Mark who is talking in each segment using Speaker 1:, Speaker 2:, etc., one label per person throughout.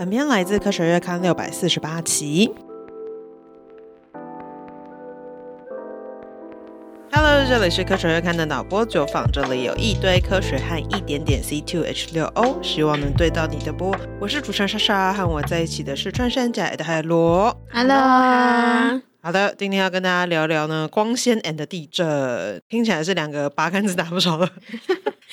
Speaker 1: 本片來自《科學月刊》六百四十八期。Hello，這裡是《科學月刊》的腦波酒坊，就放這裡有一堆科學和一點點 C two H 六 O，希望能對到你的波。我是主持人莎莎，和我在一起的是穿山甲的海螺。Hello，好的，今天要跟大家聊聊呢，光纖 and the 地震，聽起來是兩個八竿子打不着的。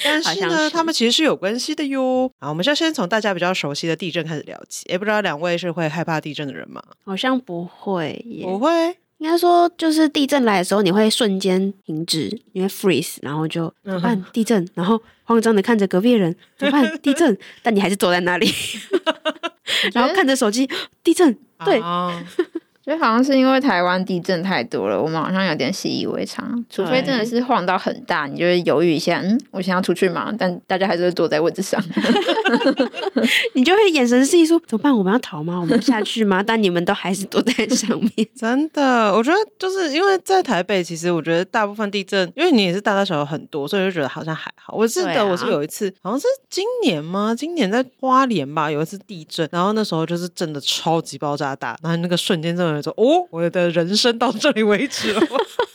Speaker 1: 但是呢是，他們其實是有關係的喲。啊，我們要先從大家比較熟悉的地震開始聊起。也不知道兩位是會害怕地震的人嗎？
Speaker 2: 好像不會耶，不會。應該說，就是地震來的時候，你會瞬間停止，因為 freeze，然後就怎麼辦、嗯？地震？然後慌張的看着隔壁的人怎麼辦？ 地震？但你還是坐在那裡，
Speaker 3: 然後看着手機，地震？對。啊就好像是因為台灣地震太多了，我們好像有點習以為常。除非真的是晃到很大，你就會猶豫一下，嗯，我想要出去嘛。但大家還是會躲在位置上， 你就會眼神示意說
Speaker 2: 怎麼辦？我們要逃嗎？我們要下去嗎？ 但你們都還是躲在上面。真的，我覺得就
Speaker 1: 是因為在台北，其實我覺得大部分地震，因為你也是大大小小很多，所以就覺得好像還好。我記得、啊、我是有一次，好像是今年嗎？今年在花蓮吧，有一次地震，然後那時候就是真的超級爆炸大，然後那個瞬間真的。說哦，我的人生到這裡為止了。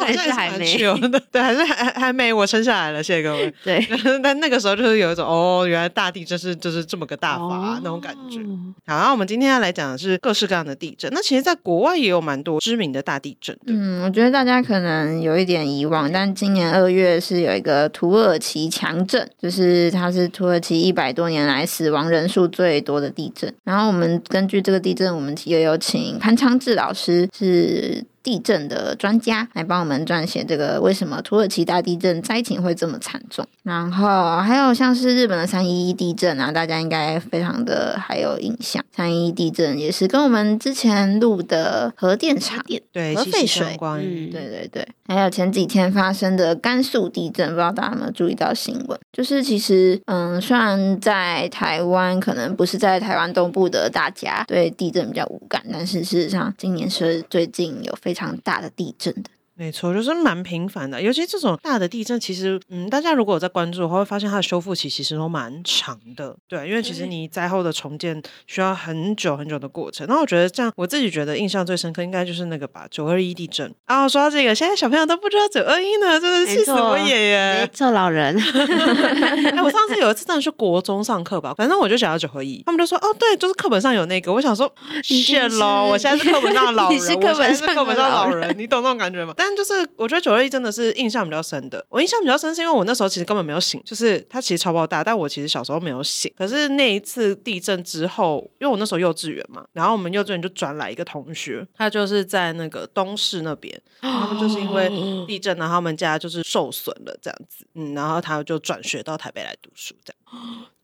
Speaker 2: 那 還是還沒有，
Speaker 1: 對還是還沒 還，是還沒我生下來了，謝謝各位。對， 但那個時候就是有一種哦，原來大地就是就是這麼個大法，啊、那種感覺。哦、好，那我們今天要來講的是各式各樣的地震。那其實，在國外也有蠻多知名的大地震。
Speaker 3: 嗯，我覺得大家可能有一點遺忘，但今年二月是有一個土耳其強震，就是它是土耳其一百多年來死亡人數最多的地震。然後我們根據這個地震，我們也有請潘昌志老師是。地震的專家來幫我們撰寫這個，為什麼土耳其大地震災情會這麼慘重？然後還有像是日本的三一一地震啊，大家應該非常的還有印象。三一一地震也是跟我們之前錄的核電廠、核廢水對，息息相關、嗯，對對對，還有前幾天發生的甘肅地震，不知道大家有沒有注意到新聞？就是其實，嗯，雖然在台灣可能不是在台灣東部的大家對地震比較無感，但是事實上今年是最近有非常大的地震的。
Speaker 1: 沒錯，就是蠻頻繁的，尤其這種大的地震，其實嗯，大家如果有在關注的話，會發現它的修復期其實都蠻長的，對，因為其實你災後的重建需要很久很久的過程。那我覺得這樣，我自己覺得印象最深刻應該就是那個吧，九二一地震。然後、啊、說到這個，現在小朋友都不知道九二一呢，真的是氣死我也耶，沒沒老人。哎、 啊，我上次有一次的去國中上課吧，反正我就想要九二一，他們就說哦，對，就是課本上有那個。我想說，謝嘍，我現在是課本上的老人，你是課本上的老，課本上的老人，你懂那種感覺嗎？但但就是，我覺得九二一真的是印象比較深的。我印象比較深是因為我那時候其實根本沒有醒，就是他其實超爆炸，但我其實小時候沒有醒。可是那一次地震之後，因為我那時候幼稚園嘛，然後我們幼稚園就轉來一個同學，他就是在那個東勢那邊，他們就是因為地震，然後他們家就是受損了這樣子，嗯，然後他就轉學到台北來讀書這樣子。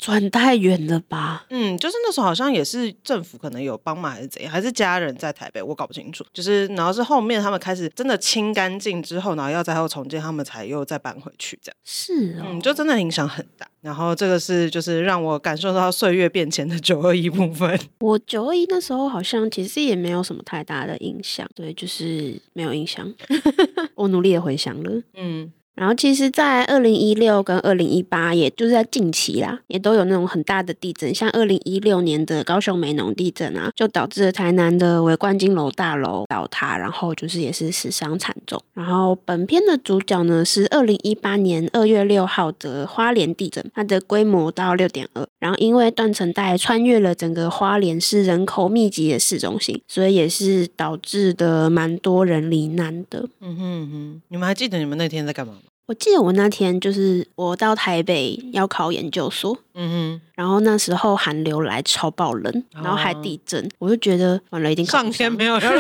Speaker 1: 轉
Speaker 2: 太遠了吧？
Speaker 1: 嗯，就是那時候好像也是政府可能有幫忙，還是怎樣，還是家人在台北，我搞不清楚，就是然後是後面他們開始真的清乾淨之後，然後要災後重建，他們才又再搬回去這樣。是哦，嗯，就真的影響很大。然後這個是就是讓我感受到歲月變遷的九二一部
Speaker 2: 分。我九二一那時候好像其實也沒有什麼太大的影響，對，就是沒有影響。 我努力的回想了，嗯。然後其實，在二零一六跟二零一八，也就是在近期啦，也都有那種很大的地震，像二零一六年的高雄美濃地震啊，就導致了台南的維冠金樓大樓倒塌，然後就是也是死傷慘重。然後本片的主角呢是二零一八年二月六號的花蓮地震，它的規模到六點二，然後因為斷層帶穿越了整個花蓮市人口密集的市中心，所以也是導致的蠻多人罹難的。嗯
Speaker 1: 哼哼，你們還記得你們那天在幹嘛？
Speaker 2: 我記得我那天就是我到台北要考研究所，嗯嗯，然後那時候寒流來超爆冷，哦、然後還地震，我就覺得完了，一定考上，上天沒有要讓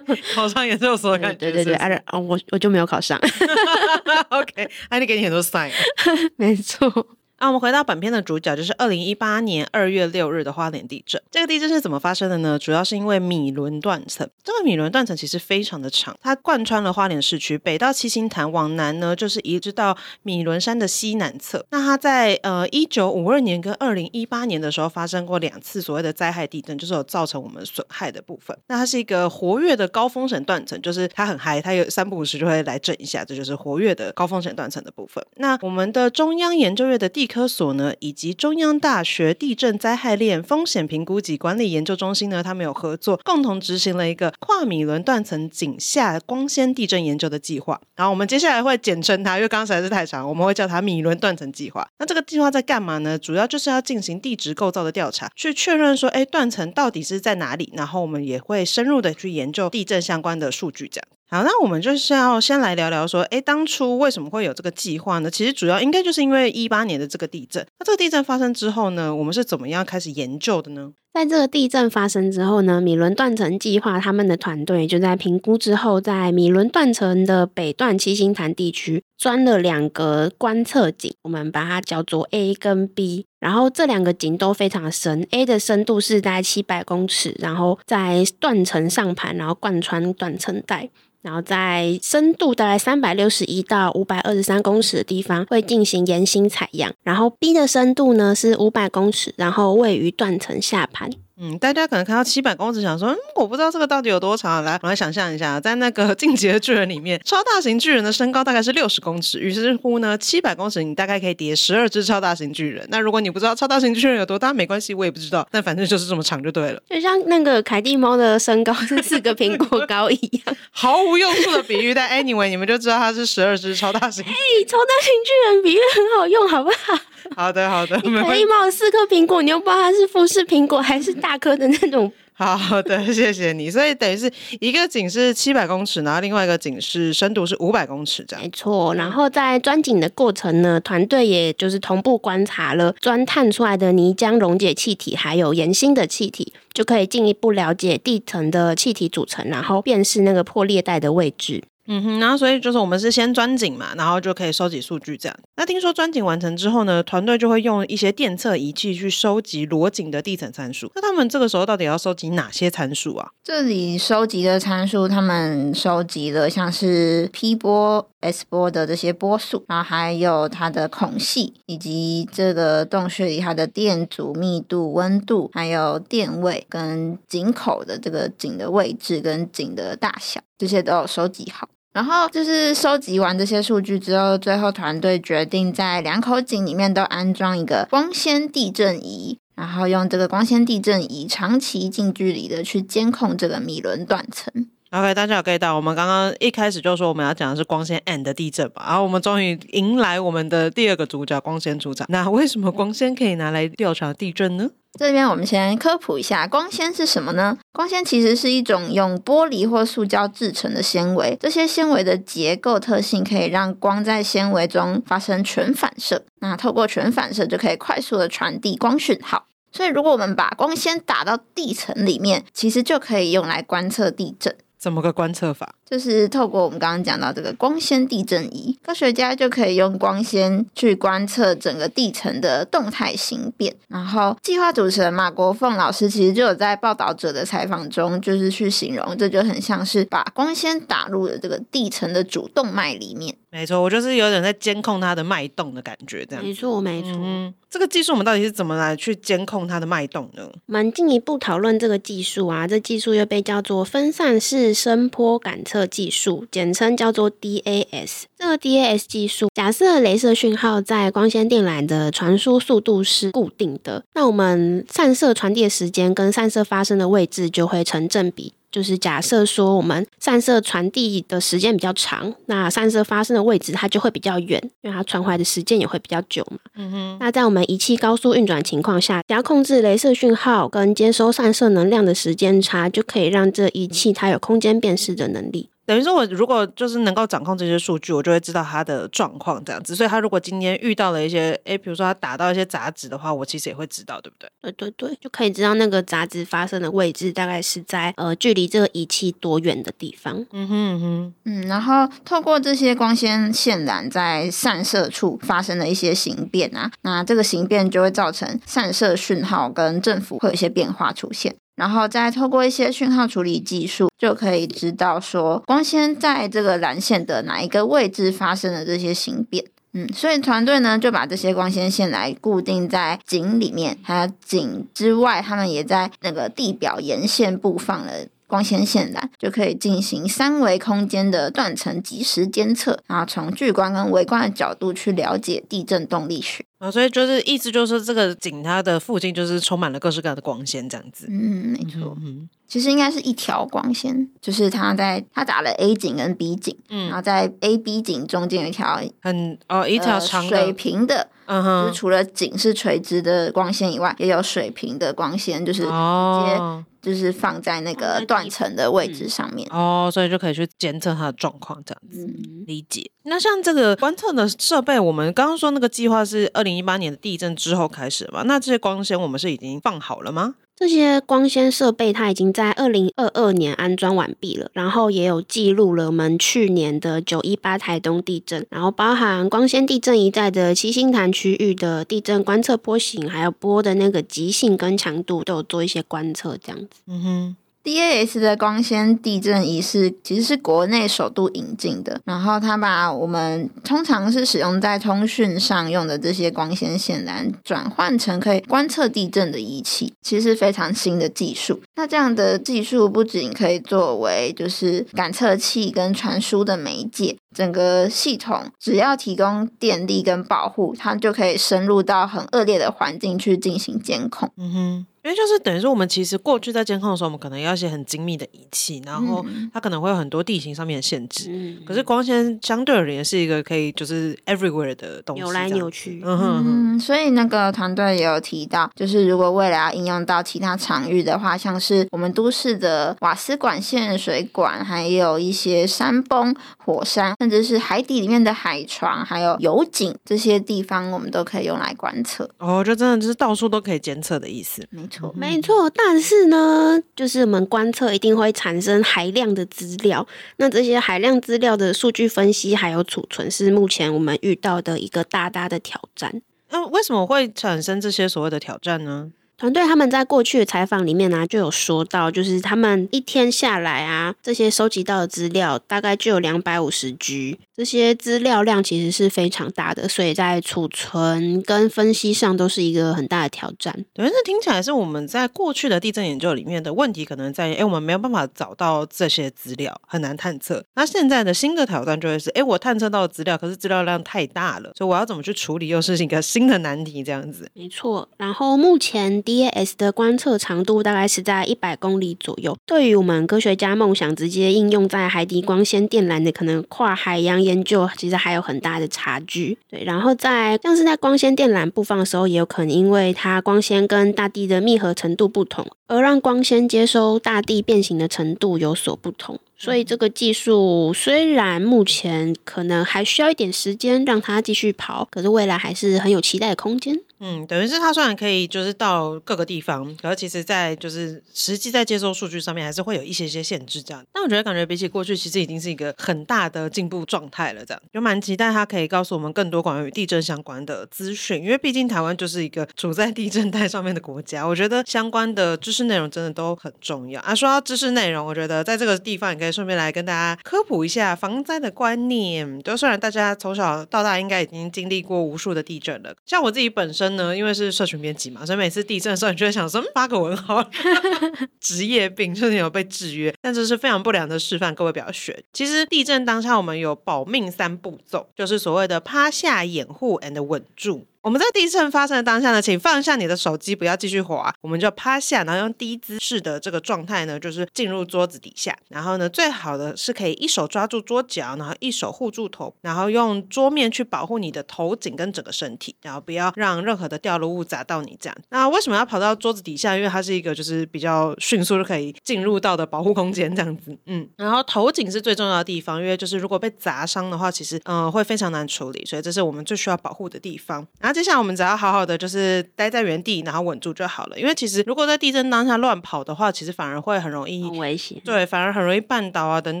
Speaker 2: 你
Speaker 1: 考上研究所，感覺 對，對，對對對，是
Speaker 2: 是啊，我我就沒有考上
Speaker 1: ，OK，安、啊、那給你很多 sign， 沒錯。那我們回到本片的主角，就是二零一八年二月六日的花蓮地震。這個地震是怎麼發生的呢？主要是因為米崙斷層。這個米崙斷層其實非常的長，它貫穿了花蓮市區，北到七星潭，往南呢就是一直到米崙山的西南側。那它在呃一九五二年跟二零一八年的時候發生過兩次所謂的災害地震，就是有造成我們損害的部分。那它是一個活躍的高風險斷層，就是它很嗨，它有三不五時就會來震一下，這就是活躍的高風險斷層的部分。那我們的中央研究院的地科所呢，以及中央大學地震災害鏈風險評估及管理研究中心呢，他們有合作，共同執行了一個跨米崙斷層井下光纖地震研究的計劃。然後我們接下來會簡稱它，因為剛才實在是太長，我們會叫它米崙斷層計劃。那這個計劃在幹嘛呢？主要就是要進行地質構造的調查，去確認說，哎、欸，斷層到底是在哪裡？然後我們也會深入的去研究地震相關的數據，這樣。好，那我們就是要先來聊聊說，誒，當初為什麼會有這個計劃呢？其實主要應該就是因為一八年的這個地震。那這個地震發生之後呢，我們是怎麼樣開始研究的呢？
Speaker 2: 在這個地震發生之後呢，米崙斷層計劃他們的團隊就在評估之後，在米崙斷層的北段七星潭地區鑽了兩個觀測井，我們把它叫做 A 跟 B。然後這兩個井都非常深，A 的深度是在七百公尺，然後在斷層上盤，然後貫穿斷層帶。然後在深度大概三百六十一到五百二十三公尺的地方會進行岩心採樣，然後 B 的深度呢是五百公尺，然後位於斷層下盤。
Speaker 1: 嗯，大家可能看到七百公尺，想說，嗯，我不知道這個到底有多長。來，我來想象一下，在那個進擊的巨人裡面，超大型巨人的身高大概是六十公尺。於是乎呢，七百公尺你大概可以疊十二隻超大型巨人。那如果你不知道超大型巨人有多大，沒關係，我也不知道。那反正就是這麼長就對了。
Speaker 2: 就像那個凱蒂貓的身高是四個蘋果高一樣， 毫無
Speaker 1: 用處的比喻。但 anyway，你們就知道它是十二隻超大型。嘿
Speaker 2: ，hey，超大型巨人比喻很
Speaker 1: 好用，好不好？好的，好的。你可以我買四顆蘋果， 你又不知道它是富士蘋果還是大顆的那種。 好的，謝謝你。所以等於是一個井是七百公尺，然
Speaker 2: 後另外一個井是深度是五百公尺這樣。沒錯。然後在鑽井的過程呢，團隊也就是同步觀察了鑽探出來的泥漿溶解氣體，還有岩心的氣體，就可以進一步了解地層的氣體組成，然後辨識那個破裂帶的位置。
Speaker 1: 嗯哼，然後所以就是我們是先鑽井嘛，然後就可以收集數據這樣。那聽說鑽井完成之後呢，團隊就會用一些電測儀器去收集裸井的地層參數。那他們這個時候到底要收集哪些參數啊？
Speaker 3: 這裡收集的參數，他們收集了像是 P 波、S 波的這些波速，然後還有它的孔隙，以及這個洞穴裡它的電阻、密度、溫度，還有電位跟井口的這個井的位置跟井的大小，這些都要收集好。然後就是收集完這些數據之後，最後團隊決定在兩口井裡面都安裝一個光纖地震儀，然後用這個光纖地震儀長期近距離的去監控這個米崙斷層。
Speaker 1: OK，大家好，可以到。我們剛剛一開始就說我們要講的是光纖 and 的地震吧。然後我們終於迎來我們的第二個主角——光纖組長。那為什麼光纖可以拿來調查地震呢？
Speaker 3: 這邊我們先科普一下，光纖是什麼呢？光纖其實是一種用玻璃或塑膠製成的纖維，這些纖維的結構特性可以讓光在纖維中發生全反射。那透過全反射就可以快速的傳遞光訊號。所以如果我們把光纖打到地層裡面，其實就可以用來觀測地震。怎麼個觀測法？就是透過我們剛剛講到這個光纖地震儀，科學家就可以用光纖去觀測整個地層的動態形變。然後，計劃主持人馬國鳳老師其實就有在《報導者》的採訪中，就是去形容，這就很像是把光纖打入了這個地層的主動脈裡面。
Speaker 1: 沒錯，我就是有點在監控它的脈動的感覺，這樣。沒
Speaker 2: 錯，沒錯。嗯，這個技術我們到底是怎麼來去監控它的脈動呢？我們進一步討論這個技術啊，這技術又被叫做分散式。聲波感測技術，簡稱叫做 DAS。這個 DAS 技術，假設雷射訊號在光纖電纜的傳輸速度是固定的，那我們散射傳遞的時間跟散射發生的位置就會成正比。就是假設說我們散射傳遞的時間比較長，那散射發生的位置它就會比較遠，因為它傳回的時間也會比較久嘛。嗯哼。那在我們儀器高速運轉的情況下，只要控制雷射訊號跟接收散射能量的時間差，就可以讓這儀器它有空間辨識的能力。
Speaker 1: 等於說我如果就是能夠掌控這些數據，我就會知道它的狀況這樣子。所以它如果今天遇到了一些，誒比如說
Speaker 2: 它打到一些雜質的話，我其實也會知道，對不對？對對對，就可以知道那個雜質發生的位置大概是在呃距離這個儀器多遠的地方。嗯
Speaker 3: 哼嗯哼，嗯，然後透過這些光纖線纜在散射處發生了一些形變啊，那這個形變就會造成散射訊號跟振幅會有一些變化出現。然後再透過一些訊號處理技術，就可以知道說光纖在這個纜線的哪一個位置發生了這些形變。嗯，所以團隊呢，就把這些光纖線來固定在井裡面，還有井之外，他們也在那個地表沿線布放了光纖線纜，就可以進行三維空間的斷層即時監測，然後從巨觀跟微觀的角度去了解地震動力學。
Speaker 1: 哦、所以就是意思就是這個井它的附近就是充滿了各式各樣的光纖，這樣
Speaker 3: 子。嗯，沒錯。嗯。其實應該是一條光纖，就是它在它打了 A 井跟 B 井，嗯，然後在 A、B 井中間有一條很哦一條長的、呃、水平的，嗯哼，就是、除了井是垂直的光纖以外，也有水平的光纖，就是、哦、直接就是放在那個斷層的位置上面，
Speaker 1: 嗯。哦，所以就可以去監測它的狀況這樣子，嗯、理解。那像這個觀測的設備，我們剛剛說那個計劃是二零一八年的地震之後開始吧？那這些光纖我們是已經放好了嗎？
Speaker 2: 這些光纖設備它已經在二零二二年安裝完畢了，然後也有記錄了我們去年的九一八台東地震，然後包含光纖地震一帶的七星潭區域的地震觀測波形，還有波的那個極性跟強度都有做一些
Speaker 3: 觀測，這樣子。嗯哼。DAS 的光纖地震儀是其實是國內首度引進的，然後它把我們通常是使用在通訊上用的這些光纖線纜轉換成可以觀測地震的儀器，其實是非常新的技術。那這樣的技術不僅可以作為就是感測器跟傳輸的媒介，整個系統只要提供電力跟保護，它就可以深入到很惡劣的環境去進行監控。嗯哼。
Speaker 1: 因為就是等於說我們其實過去在監控的時候，我們可能要一些很精密的儀器，然後它可能會有很多地形上面的限制。嗯。可是光纖相對而言是一個可以就是 everywhere 的東西，有扭來扭去。
Speaker 2: 嗯哼
Speaker 3: 嗯，嗯。所以那個團隊也有提到，就是如果未來要應用到其他場域的話，像是我們都市的瓦斯管線、水管，還有一些山崩、火山，甚至是海底裡面的海床，還有油井這些地方，我們都可以用來觀測。
Speaker 1: 哦，就真的就是到處都可以監測的意思。沒錯。
Speaker 2: 沒錯，但是呢，就是我們觀測一定會產生海量的資料，那這些海量資料的數據分析還有儲存，是目前我們遇到的一個大大的挑戰。
Speaker 1: 那、嗯、為什麼會產生這些所謂的挑戰呢？
Speaker 2: 團隊他們在過去的採訪裡面呢、啊，就有說到，就是他們一天下來啊，這些收集到的資料大概就有兩百五十 G，這些資料量其實是非常大的，所以在儲存跟分析上都是一個很大的挑戰。對，這聽起來是我們在過去的地
Speaker 1: 震研究裡面的問題，可能在於，哎，我們沒有辦法找到這些資料，很難探測。那現在的新的挑戰就會是，哎，我探測到的資料，可是資料量太大了，所以我要怎麼去處理，又是一個新的難題，這樣子。
Speaker 2: 沒錯，然後目前。DAS 的觀測長度大概是在一百公里左右，對於我們科學家夢想直接應用在海底光纖電纜的可能跨海洋研究，其實還有很大的差距。對，然後在像是在光纖電纜布放的時候，也有可能因為它光纖跟大地的密合程度不同，而讓光纖接收大地變形的程度有所不同。所以這個技術雖然目前可能還需要一點時間讓它繼續跑，可是未來還是很有期待的空間。
Speaker 1: 嗯，等於是它雖然可以就是到各個地方，然後其實在就是實際在接收數據上面還是會有一些些限制這樣。但我覺得感覺比起過去，其實已經是一個很大的進步狀態了這樣。就蠻期待它可以告訴我們更多關於地震相關的資訊，因為畢竟台灣就是一個處在地震帶上面的國家，我覺得相關的知識內容真的都很重要啊。說到知識內容，我覺得在這個地方應該。順便來跟大家科普一下防災的觀念。就雖然大家從小到大應該已經經歷過無數的地震了，像我自己本身呢，因為是社群編輯嘛，所以每次地震的時候你就會想說，發個文好，職 業病，甚至、就是、有被制約，但這是非常不良的示範，各位不要學。其實地震當下我們有保命三步驟，就是所謂的趴下、掩護 and 穩住。我們在地震發生的當下呢，請放下你的手機，不要繼續滑，我們就趴下，然後用低姿勢的這個狀態呢，就是進入桌子底下。然後呢，最好的是可以一手抓住桌角，然後一手護住頭，然後用桌面去保護你的頭頸跟整個身體，然後不要讓任何的掉落物砸到你這樣。那為什麼要跑到桌子底下？因為它是一個就是比較迅速就可以進入到的保護空間這樣子。嗯，然後頭頸是最重要的地方，因為就是如果被砸傷的話，其實嗯會非常難處理，所以這是我們最需要保護的地方。啊。接下來我們只要好好的就是待在原地，然後穩住就好了。因為其實如果在地震當下亂跑的話，其實反而會很容易危險，對，反而很容易絆倒啊等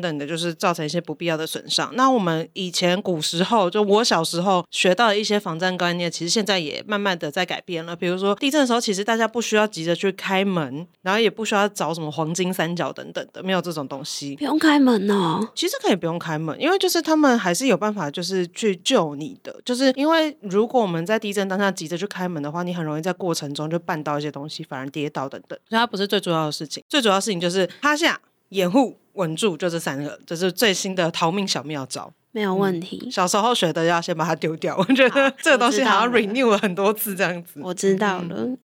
Speaker 1: 等的，就是造成一些不必要的損傷。那我們以前古時候就我小時候學到的一些防震觀念，其實現在也慢慢的在改變了。比如說地震的時候，其實大家不需要急着去開門，然後也不需要找什麼黃金三角等等的，沒有這種東西。不用
Speaker 2: 開門哦，
Speaker 1: 其實可以不用開門，因為就是他們還是有辦法就是去救你的，就是因為如果我們在地震當下急着去開門的話，你很容易在過程中就絆到一些東西，反而跌倒等等。所以它不是最重要的事情，最主要事情就是趴下、掩護、穩住，就這三個，這，就是最新的逃命小妙招。
Speaker 2: 沒有問題。
Speaker 1: 嗯，小時候學的要先把它丟掉。我覺得這個東西好像 renew 了，了很多次這樣子。我知道了。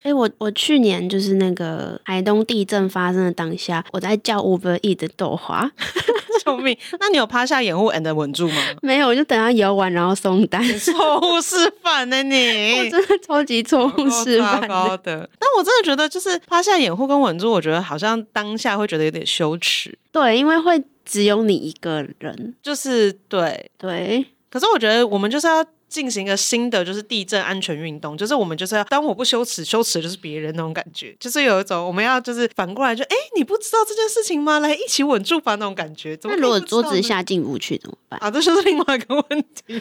Speaker 2: 哎、嗯欸，我我去年就是那個台東地震發生的當下，我在叫 Uber Eats 的豆花。 救命！那你有趴下掩護 and 穩住嗎？ 沒有，我就等他搖完，然後鬆單。錯
Speaker 1: 誤示範呢、欸？你 我
Speaker 2: 真的超級錯誤示範的、oh,
Speaker 1: 的。但我真的覺得，就是趴下掩護跟穩住，我覺得好像當下會覺得有點羞恥。
Speaker 2: 對，因為會
Speaker 1: 只有你一個人。就是對對。可是我覺得我們就是要。進行一個新的，就是地震安全運動，就是我們就是要當我不羞恥，羞恥就是別人那種感覺，就是有一種我們要就是
Speaker 3: 反過來就哎、欸，你
Speaker 1: 不知道這件事情嗎？來一起穩住吧那種感覺。那如果桌子下進
Speaker 3: 不去怎麼
Speaker 2: 辦？啊，這就是另外一個問
Speaker 3: 題。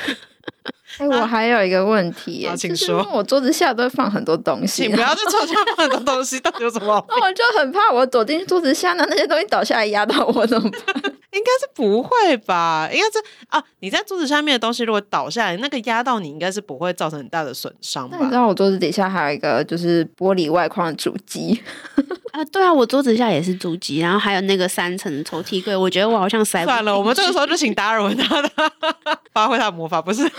Speaker 3: 哎、欸啊，我還有一個問題啊，啊，請說。就是，因為我桌子下都會放很多東西，你不要去床
Speaker 2: 上放很多東西，到底有什麼？
Speaker 3: 那我就很怕，我躲進桌子下，那那些東西倒下來壓到我，我怎麼辦？ 應該是不會吧？
Speaker 1: 應該是啊，你在桌子下面的東西如果倒下來，那個壓到你，應該是不會造成很大的
Speaker 2: 損傷
Speaker 3: 吧？那你知道我桌子底下還有一個就是玻璃外框的主機。
Speaker 2: 對啊，我桌子下也是主機，然後還有那個三層抽屜櫃，我覺得我好像塞。算了， 我們這個時候就
Speaker 1: 請達爾文他發揮他的魔法，不是？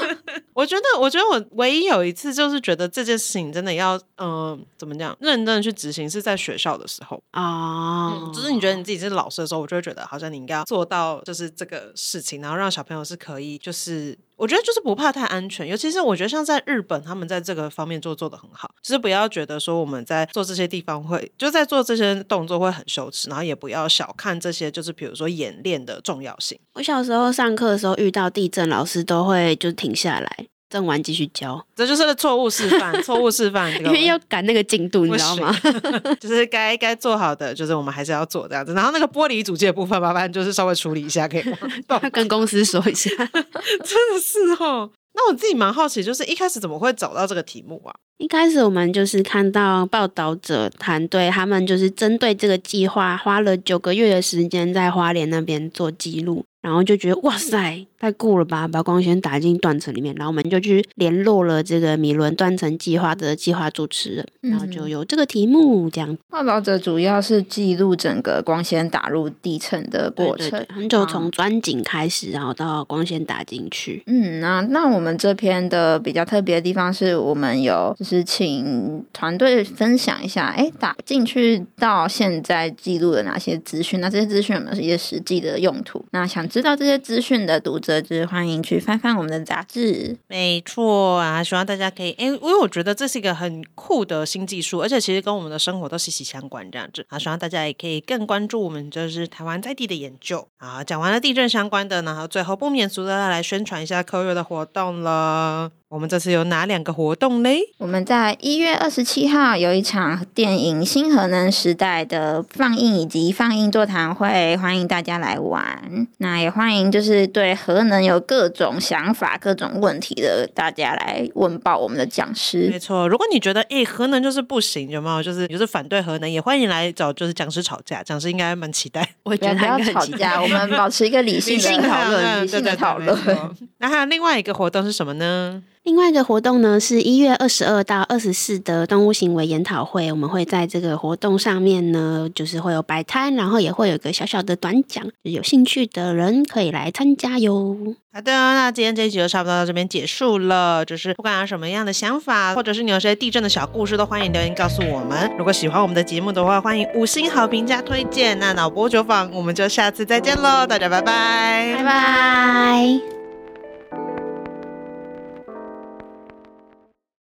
Speaker 1: 我覺得，我覺得我唯一有一次就是覺得這件事情真的要，嗯、呃，怎麼講，認真的去執行，是在學校的時候啊、oh. 嗯。就是你覺得你自己是老師的時候，我就會覺得好像你應該要做到就是這個事情，然後讓小朋友是可以就是。我覺得就是不怕太安全，尤其是我覺得像在日本，他們在這個方面就做做的很好。就是不要覺得說我們在做這些地方會就在做這些動作會很羞恥，然後也不要小看這些，就是比如說演練的重要性。
Speaker 2: 我小時候上課的時候遇到地震，老師都會就停下來。掙完繼續交，這就是個錯誤示範， 錯誤示範，因為要趕那個進度， 你知道嗎？
Speaker 1: 就是該該做好的，就是我們還是要做這樣子。然後那個玻璃組件部分麻煩就是稍微處理一下，可以嗎？不 跟公司說一下 真的是哦。那我自己蠻好奇，就是一開始怎麼會找到這個題目啊？
Speaker 2: 一開始我們就是看到報導者團隊，他們就是針對這個計劃，花了九個月的時間在花蓮那邊做記錄。然後就覺得哇塞，太酷了吧！把光纖打進斷層裡面，然後我們就去聯絡了這個米倫斷層計劃的計劃主持人，嗯、然後就有這個題目講。報導者主要是
Speaker 3: 記錄整個光纖打入地層的過程，就從
Speaker 2: 鑽井開始，然後，然後到光纖打進去。
Speaker 3: 嗯、啊，那那我們這篇的比較特別的地方是我們有就是請團隊分享一下，哎，打進去到現在記錄了哪些資訊？那這些資訊有沒有是一些實際的用途？那想。知道這些資訊的讀者，就是歡迎去翻翻我們的雜誌。
Speaker 1: 沒錯啊，希望大家可以哎、欸，因為我覺得這是一個很酷的新技術，而且其實跟我們的生活都息息相關。這樣子啊，希望大家也可以更關注我們就是台灣在地的研究啊。講完了地震相關的，然後最後不免俗的來宣傳一下科月的活動了。我們這次有哪兩個活
Speaker 3: 動呢？我們在一月二十七號有一場電影《新核能時代》的放映以及放映座談會，歡迎大家來玩。那也歡迎就是對核能有各種想法、各種問題的大家來問報我們的講師。沒
Speaker 1: 錯，如果你覺得誒，核能就是不行，有沒有、就是、就是反對核能，也歡迎來找就是講師吵架。講師應該蠻期待，我覺得不要吵架，我們保
Speaker 3: 持一個理性的討論，理
Speaker 1: 性的討論。那還有另外一個活動是什麼呢？
Speaker 2: 另外一個活動呢，是一月二十二到二十四的動物行為研討會。我們會在這個活動上面呢，就是會有擺攤，然後也會有個小小的短講，有興趣的人可以來參加喲。
Speaker 1: 好、啊、的、哦，那今天這一集就差不多到這邊結束了。就是不管有什麼樣的想法，或者是你有些地震的小故事，都歡迎留言告訴我們。如果喜歡我們的節目的話，歡迎五星好評加推薦。那腦波酒坊，我們就下次再見嘍，大家拜拜，拜
Speaker 3: 拜。